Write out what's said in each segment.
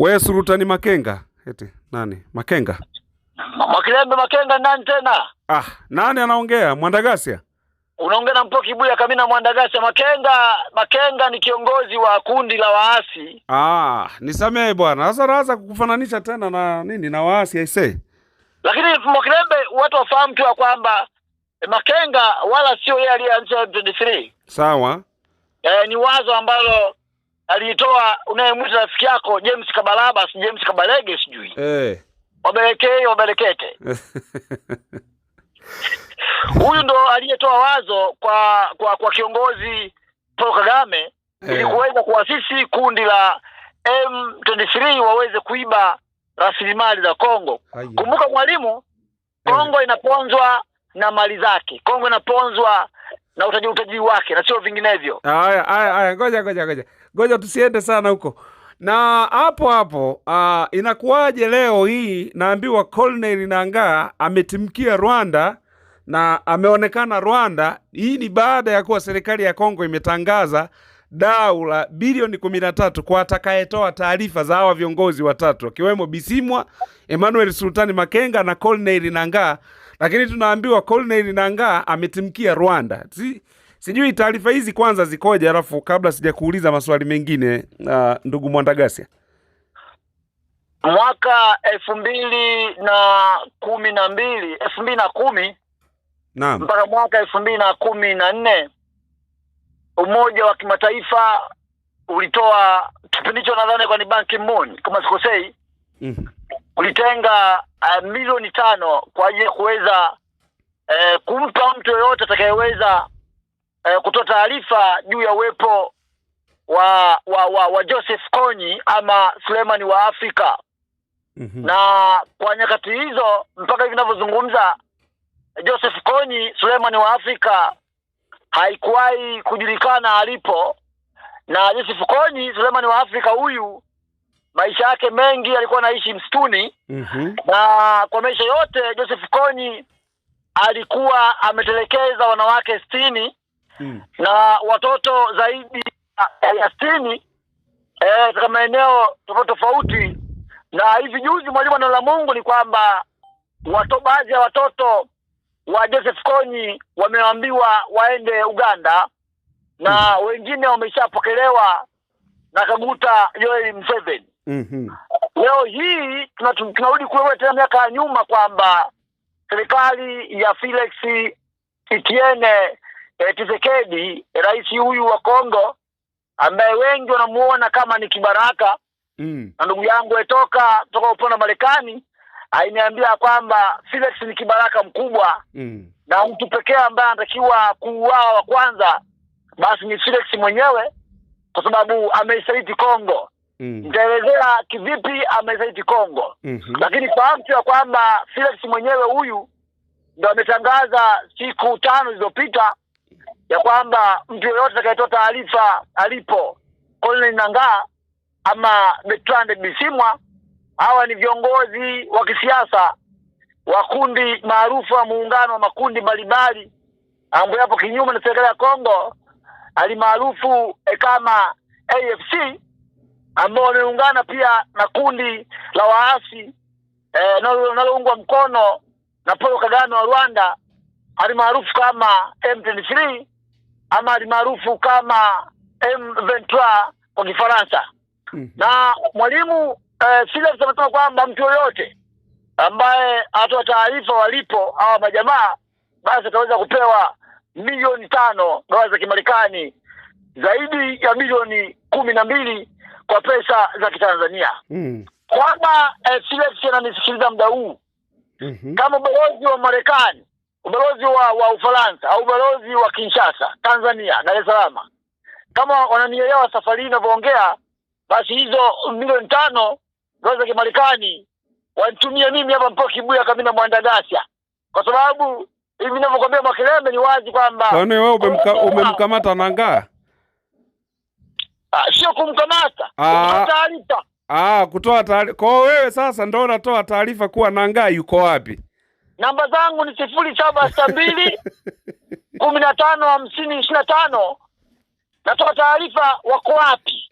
We Surutani Makenga eti nani? Makenga Mwakilembe Makenga nani tena? Ah, nani anaongea? Mwandagasia unaongea na Mpoki Buya Kamina Mwandagasia. Makenga Makenga ni kiongozi wa kundi la waasi. Ah, nisamehe bwana, sasa raza kukufananisha tena na nini na waasi aisee, lakini Mwakilembe watu wafahamu tu ya kwamba Makenga wala sio yeye aliyeanzisha M23. Sawa. Eh, ni wazo ambalo aliitoa unayemwita rafiki yako James Kabalaba, si James Kabalege, sijui hey. Eh. Wabelekei wabelekete huyu ndo aliyetoa wazo kwa kwa kwa kiongozi Paul Kagame hey. Eh. ili kuweza kuasisi kundi la M23 waweze kuiba rasilimali za Kongo. Kumbuka mwalimu, eh. Kongo hey. inaponzwa na mali zake, Kongo inaponzwa na utaja utajiri wake na sio vinginevyo. Haya, haya, haya, ngoja ngoja ngoja ngoja, tusiende sana huko na hapo hapo. Uh, inakuwaje leo hii naambiwa Colonel Nangaa ametimkia Rwanda na ameonekana Rwanda. Hii ni baada ya kuwa serikali ya Kongo imetangaza dau la bilioni kumi na tatu kwa atakayetoa taarifa za hawa viongozi watatu akiwemo Bisimwa, Emmanuel Sultani Makenga na Colonel Nangaa lakini tunaambiwa Corneille Nangaa ametimkia Rwanda. Si, sijui taarifa hizi kwanza zikoje, alafu kabla sijakuuliza maswali mengine uh, ndugu Mwandagasia, mwaka elfu mbili na kumi na mbili elfu mbili na kumi naam mpaka mwaka elfu mbili na kumi na nne Umoja wa Kimataifa ulitoa kipindi nadhani kwa ni Ban Ki-moon kama sikosei, mm -hmm kulitenga uh, eh, milioni tano kwa ajili ya kuweza uh, kumpa mtu yoyote atakayeweza uh, kutoa taarifa juu ya uwepo wa wa, wa wa Joseph Konyi ama Suleiman wa Afrika. Mm -hmm. Na kwa nyakati hizo mpaka hivi ninavyozungumza, Joseph Konyi Suleiman wa Afrika haikuwahi kujulikana alipo, na Joseph Konyi Suleimani wa Afrika huyu maisha yake mengi alikuwa anaishi msituni mm -hmm. na kwa maisha yote Joseph konyi alikuwa ametelekeza wanawake sitini mm. na watoto zaidi ya sitini eh, katika eh, maeneo tofauti tofauti. Na hivi juzi mwalimu neno la Mungu ni kwamba baadhi ya watoto wa Joseph konyi wameambiwa waende Uganda na mm. wengine wameshapokelewa na Kaguta yoeli mseveni mm -hmm. Leo hii tunarudi kule tena miaka ya nyuma kwamba serikali ya Felix Etienne eh, Tshisekedi, rais huyu wa Kongo ambaye wengi wanamuona kama ni kibaraka mm. na ndugu yangu etoka toka upande wa Marekani ainiambia kwamba Felix ni kibaraka mkubwa mm. na mtu pekee ambaye anatakiwa kuuawa wa kwanza basi ni Felix mwenyewe, kwa sababu ameisaliti Kongo mm. nitaelezea kivipi amesaiti Kongo mm -hmm. Lakini fahamu tu ya kwamba Felix mwenyewe huyu ndo ametangaza siku tano zilizopita ya kwamba mtu yeyote atakayetoa taarifa alipo Colonel Nangaa ama Bertrand Bisimwa, hawa ni viongozi wa kisiasa wa kundi maarufu wa muungano wa makundi mbalimbali ambayo yapo kinyume na serikali ya Kongo alimaarufu eh, kama AFC ambao wameungana pia na kundi la waasi eh, linaloungwa eh, mkono na Paul Kagame wa Rwanda alimaarufu kama M23 ama alimaarufu kama M23 kwa Kifaransa. Mm-hmm. Na mwalimu eh, Silence kwamba mtu yoyote ambaye atoa taarifa walipo hawa majamaa basi ataweza kupewa milioni tano dola za Kimarekani, zaidi ya milioni kumi na mbili kwa pesa za Kitanzania mm. kwamba eh, Silex ananisikiliza muda huu mm -hmm. kama ubalozi wa Marekani, ubalozi wa, wa Ufaransa au ubalozi wa Kinshasa, Tanzania, Dar es Salaam, kama wananielewa safari hii inavyoongea, basi hizo milioni tano dola za Kimarekani wanitumie mimi hapa mpaka Kibuya Kamina Mwandagasa, kwa sababu hivi ninavyokwambia Mwakilembe ni wazi kwamba wewe umemkamata nangaa Ah, sio kumkamata, ah. kutoa taarifa. Ah, kutoa taarifa. Kwa wewe sasa ndio unatoa taarifa kuwa Nangaa yuko wapi? Namba zangu ni sifuri saba sita mbili kumi na tano hamsini ishirini na tano. Natoa taarifa wako wapi.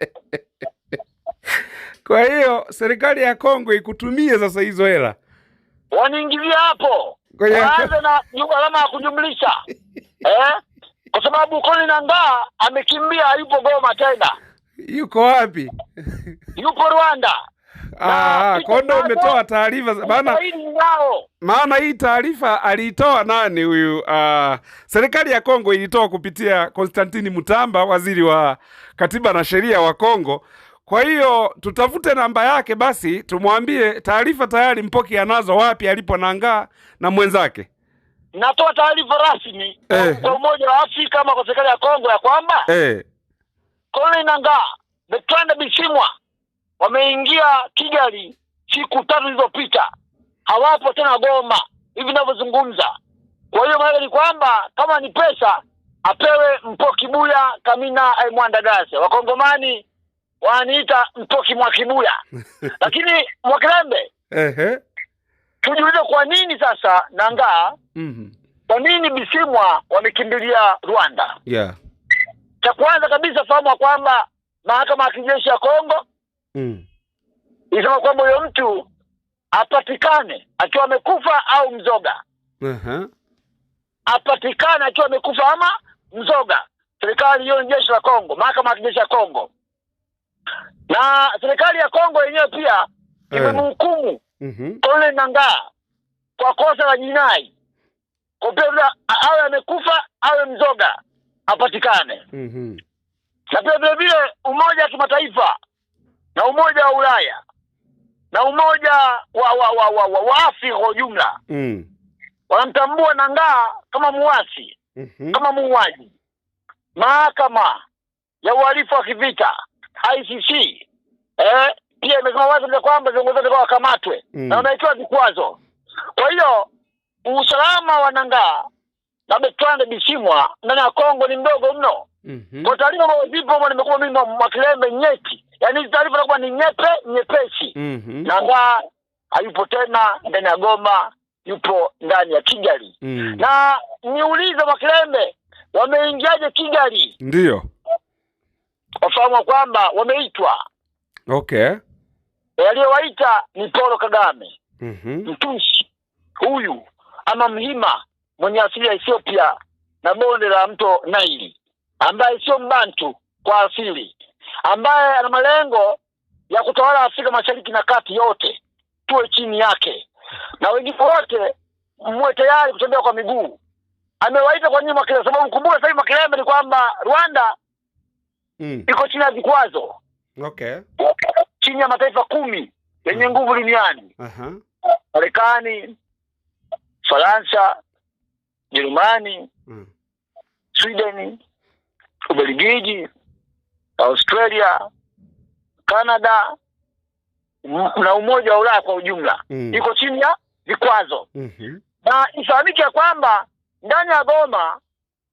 Kwa hiyo serikali ya Kongo ikutumie sasa hizo hela, waniingilie hapo waanze na alama ya kujumlisha eh? Kwa sababu Koni Nangaa amekimbia, hayupo Goma tena yuko wapi? Yuko Rwanda. Aa, ah, ah, Kondo umetoa taarifa maana maana hii taarifa aliitoa nani huyu? Ah, serikali ya Kongo ilitoa kupitia Konstantini Mutamba, waziri wa katiba na sheria wa Kongo. Kwa hiyo tutafute namba yake basi, tumwambie taarifa tayari Mpoki anazo, wapi alipo Nangaa na mwenzake. Natoa taarifa rasmi eh, kwa Umoja wa Afrika ama kwa serikali ya Kongo ya kwamba eh Colonel Nangaa, Bertrand Bisimwa wameingia Kigali siku tatu zilizopita, hawapo tena Goma hivi ninavyozungumza. Kwa hiyo maana ni kwamba kama ni pesa apewe Mpokibuya Kamina eh, Mwandagase. Wakongomani waniita Mpoki Mwakibuya lakini Mwakilembe, ehe, tujiulize kwa nini sasa Nangaa, mm -hmm. kwa nini Bisimwa wamekimbilia Rwanda? yeah cha kwanza kabisa fahamu kwamba mahakama ya kijeshi ya Kongo mm. isema kwamba huyo mtu apatikane akiwa amekufa au mzoga uh -huh. apatikane akiwa amekufa ama mzoga. Serikali hiyo ni jeshi la Kongo, mahakama ya kijeshi ya Kongo, na serikali ya Kongo yenyewe pia eh. imemhukumu uh mhm. -huh. Nangaa kwa kosa la jinai kopea awe amekufa awe mzoga hapatikane. mm -hmm. Na pia vile vile umoja wa kimataifa na umoja wa Ulaya na umoja wa wa wa wa, wa, wa Afrika kwa ujumla mm. wanamtambua Nangaa kama muasi mm -hmm. kama muuaji. Mahakama ya uhalifu wa kivita ICC eh, pia imesema wazi kwamba viongozi wote wakamatwe mm. na wanawekewa vikwazo. Kwa hiyo usalama wa Nangaa na Bertrand Bisimwa ndani ya Kongo ni mdogo mno. Mm -hmm. Kwa taarifa ambazo zipo mimi nimekuwa mimi makilembe nyeti. Yaani taarifa zinakuwa ni nyepe nyepesi. Mm -hmm. Na ngaa hayupo tena ndani ya Goma, yupo ndani ya Kigali. Mm -hmm. Na niulize mwakilembe wameingiaje Kigali? ndio Wafahamu kwamba wameitwa. Okay. Aliyowaita ni Paulo Kagame. Mm -hmm. Mtusi huyu ama mhima mwenye asili ya Ethiopia na bonde la mto Naili, ambaye sio mbantu kwa asili, ambaye ana malengo ya kutawala Afrika Mashariki na Kati yote, tuwe chini yake, na wengine wote muwe tayari kutembea kwa miguu. Amewaita kwa nini Makerere? Sababu kumbuka sasa hivi ni kwamba Rwanda mm. iko chini ya vikwazo okay. chini ya mataifa kumi yenye mm. nguvu duniani Marekani, uh -huh. Faransa, Jerumani mm. Sweden, Ubelgiji, Australia, Canada na Umoja wa Ulaya kwa ujumla mm. iko chini ya vikwazo mm -hmm. na ifahamike ya kwamba ndani ya Goma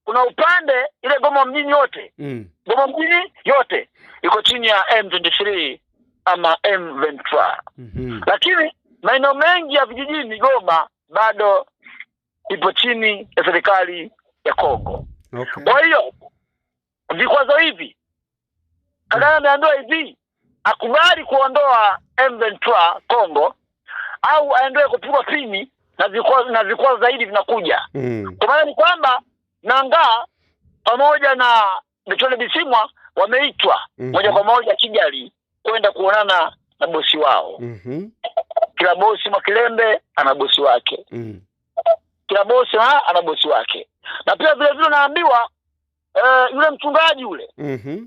kuna upande ile Goma mjini yote mm. Goma mjini yote iko chini ya M23 ama M23 mm -hmm. lakini maeneo mengi ya vijijini Goma bado ipo chini ya serikali ya Kongo. Okay. Kwa hiyo vikwazo hivi Kagame ameambiwa hivi akubali kuondoa M23 Kongo au aendelee kupigwa pini na vikwazo na vikwazo zaidi vinakuja. Mm. Kwa maana ni kwamba Nangaa pamoja na Michole Bisimwa wameitwa mm -hmm. moja kwa moja Kigali kwenda kuonana na bosi wao. Mm -hmm. Kila bosi mwa kilembe ana bosi wake. Mm kila bosi na ana bosi wake, na pia vile vile naambiwa eh, yule mchungaji yule mm -hmm.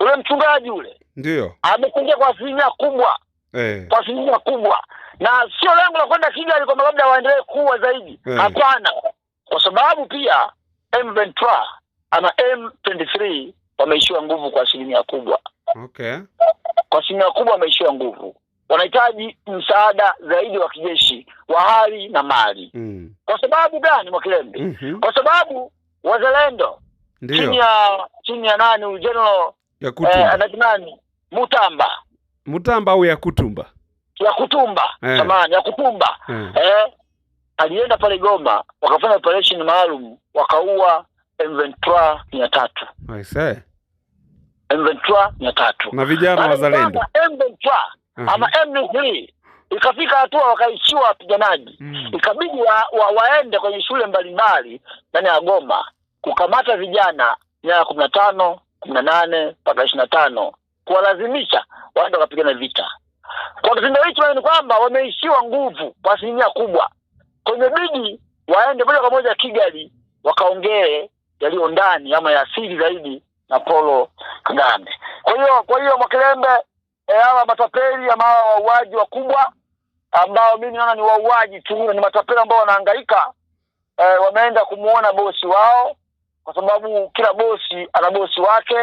yule mchungaji yule ndio amechangia kwa asilimia kubwa eh. kwa asilimia kubwa, na sio lengo la kwenda Kigali kwamba labda waendelee kuwa zaidi, eh. hapana eh. kwa sababu pia M23 ana M23 wameishiwa nguvu kwa asilimia kubwa okay. kwa asilimia kubwa wameishiwa nguvu wanahitaji msaada zaidi wa kijeshi wa hali na mali mm. Kwa sababu gani Mwakilembe? mm -hmm. Kwa sababu wazalendo chini ya chini ya nani huyu general eh, nani Mutamba Mutamba au ya ya kutumba kutumba samani eh. ya kutumba eh. Eh, alienda pale Goma wakafanya operation maalum wakaua M23 mia tatu M23 mia tatu na vijana wazalendo M23 -hmm. ama M3 mhm. ikafika hatua wakaishiwa wapiganaji mm -hmm. ikabidi wa, wa, waende kwenye shule mbalimbali ndani ya Goma kukamata vijana miaka kumi na tano kumi na nane mpaka ishirini na tano kuwalazimisha waende wakapigana vita. Kwa kitendo hicho ni kwamba wameishiwa nguvu kwa asilimia kubwa, kwenye bidi waende moja kwa moja Kigali wakaongee yaliyo ndani ama ya asili zaidi na Polo Kagame. Kwa hiyo kwa hiyo Mwakilembe hawa matapeli ama hawa wauaji wakubwa ambao mimi naona ni wauaji tu, ni matapeli ambao wanahangaika e, wameenda kumuona bosi wao, kwa sababu kila bosi ana bosi wake,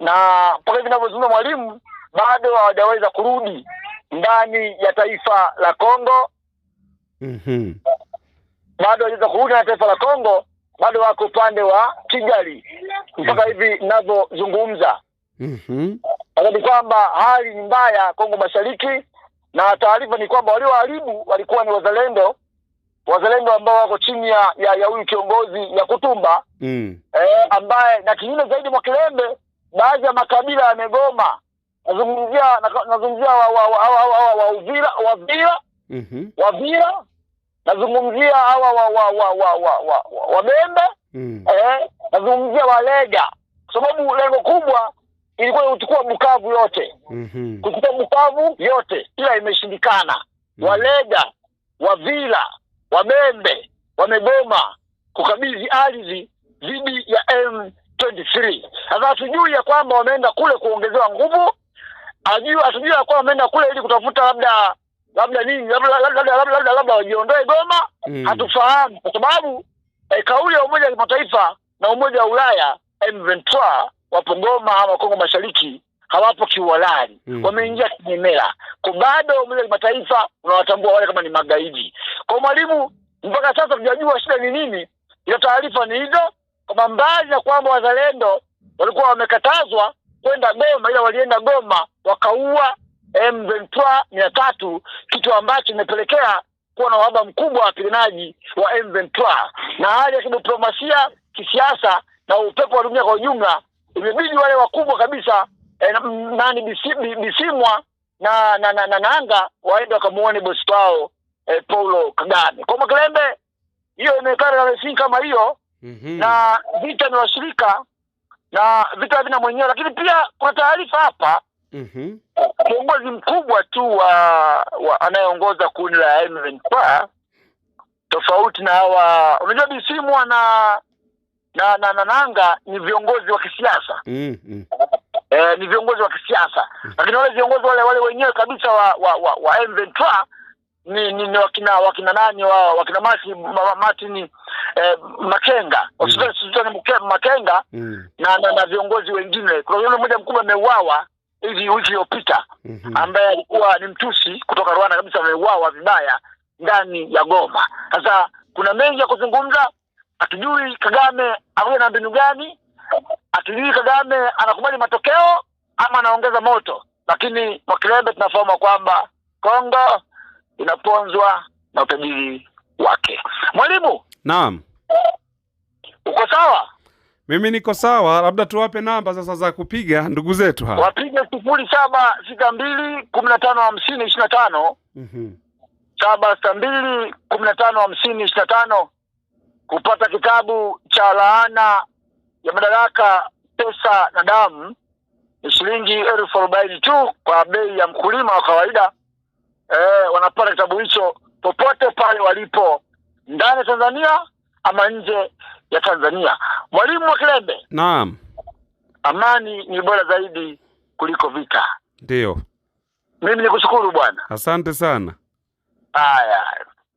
na mpaka hivi ninavyozungumza mwalimu, bado hawajaweza kurudi ndani ya taifa la Kongo. mm -hmm. Bado hawajaweza kurudi na taifa la Kongo, bado wako upande wa Kigali mpaka mhm. hivi ninavyozungumza. mm -hmm. Sasa ni kwamba hali ni mbaya Kongo Mashariki, na taarifa ni kwamba walioharibu walikuwa ni wazalendo wazalendo ambao wako chini ya ya ya huyu kiongozi ya Kutumba mm. eh, ambaye na kinyume zaidi mwa kilembe, baadhi ya makabila yamegoma. Nazungumzia nazungumzia wa wa wa wa wa wa Uvira wa Vira mhm wa Vira, nazungumzia hawa wa wa wa wa wa wa Bembe mm. eh, nazungumzia Walega, kwa sababu lengo kubwa ilikuwa kuchukua Bukavu yote mm -hmm. kuchukua Bukavu yote, ila imeshindikana mm -hmm. Walega, Wavila, Wabembe wamegoma kukabidhi ardhi dhidi ya M23. Sasa hatujui ya kwamba wameenda kule kuongezewa nguvu, ajua hatujui ya kwamba wameenda kule ili kutafuta labda labda nini, labda labda wajiondoe Goma mm. Hatufahamu kwa sababu eh, kauli ya Umoja wa kimataifa na Umoja wa Ulaya M23 wapo Goma ama Kongo Mashariki hawapo kiuhalali mm. Wameingia kinyemela kwa bado umoja wa kimataifa unawatambua wale kama ni magaidi. Kwa mwalimu, mpaka sasa tujajua shida ni nini. ila taarifa ni hizo, kwamba mbali na kwamba wazalendo walikuwa wamekatazwa kwenda Goma, ila walienda Goma wakaua m mia tatu, kitu ambacho imepelekea kuwa na uhaba mkubwa wa wapiganaji wa m na hali ya kidiplomasia, kisiasa na upepo wa dunia kwa ujumla imebidi wale wakubwa kabisa eh, nani Bisimwa na na, na, na Nanga waende wakamuone bosi wao eh, Paulo Kagame. Kwa Makelembe. hiyo imekana na kama hiyo mm -hmm. na vita ni washirika na vita vina mwenyewe, lakini pia kuna taarifa hapa mhm. kiongozi mm -hmm. mkubwa tu wa, wa anayeongoza kundi la M23 tofauti na hawa, unajua Bisimwa na na na Nananga ni viongozi wa kisiasa mm, mm. E, ni viongozi wa kisiasa mm. Lakini wale viongozi wale wale wenyewe kabisa wa wa, wa, wa M23 ni, ni, ni wakina wakina nani wa wakina ma, Martin eh, Makenga mm. Makenga mm. na, na na viongozi wengine. Kuna yule mmoja mkubwa ameuawa hivi wiki iliyopita mm -hmm. ambaye alikuwa ni mtusi kutoka Rwanda kabisa, ameuawa vibaya ndani ya Goma. Sasa kuna mengi ya kuzungumza hatujui Kagame awe na mbinu gani, hatujui Kagame anakubali matokeo ama anaongeza moto, lakini Mwakilembe tunafahamu kwamba Kongo inaponzwa na utajiri wake. Mwalimu, naam, uko sawa? Mimi niko sawa, labda tuwape namba sasa za kupiga ndugu zetu hapa. Wapige sifuri saba sita mbili kumi na tano hamsini ishirini na tano mhm. saba sita mbili kumi na tano hamsini ishirini na tano kupata kitabu cha laana ya madaraka pesa na damu ni shilingi elfu arobaini tu kwa bei ya mkulima wa kawaida. eh, wanapata kitabu hicho popote pale walipo ndani ya Tanzania ama nje ya Tanzania. Mwalimu wa Kilembe, naam, amani ni bora zaidi kuliko vita. Ndiyo, mimi nikushukuru bwana, asante sana. Haya.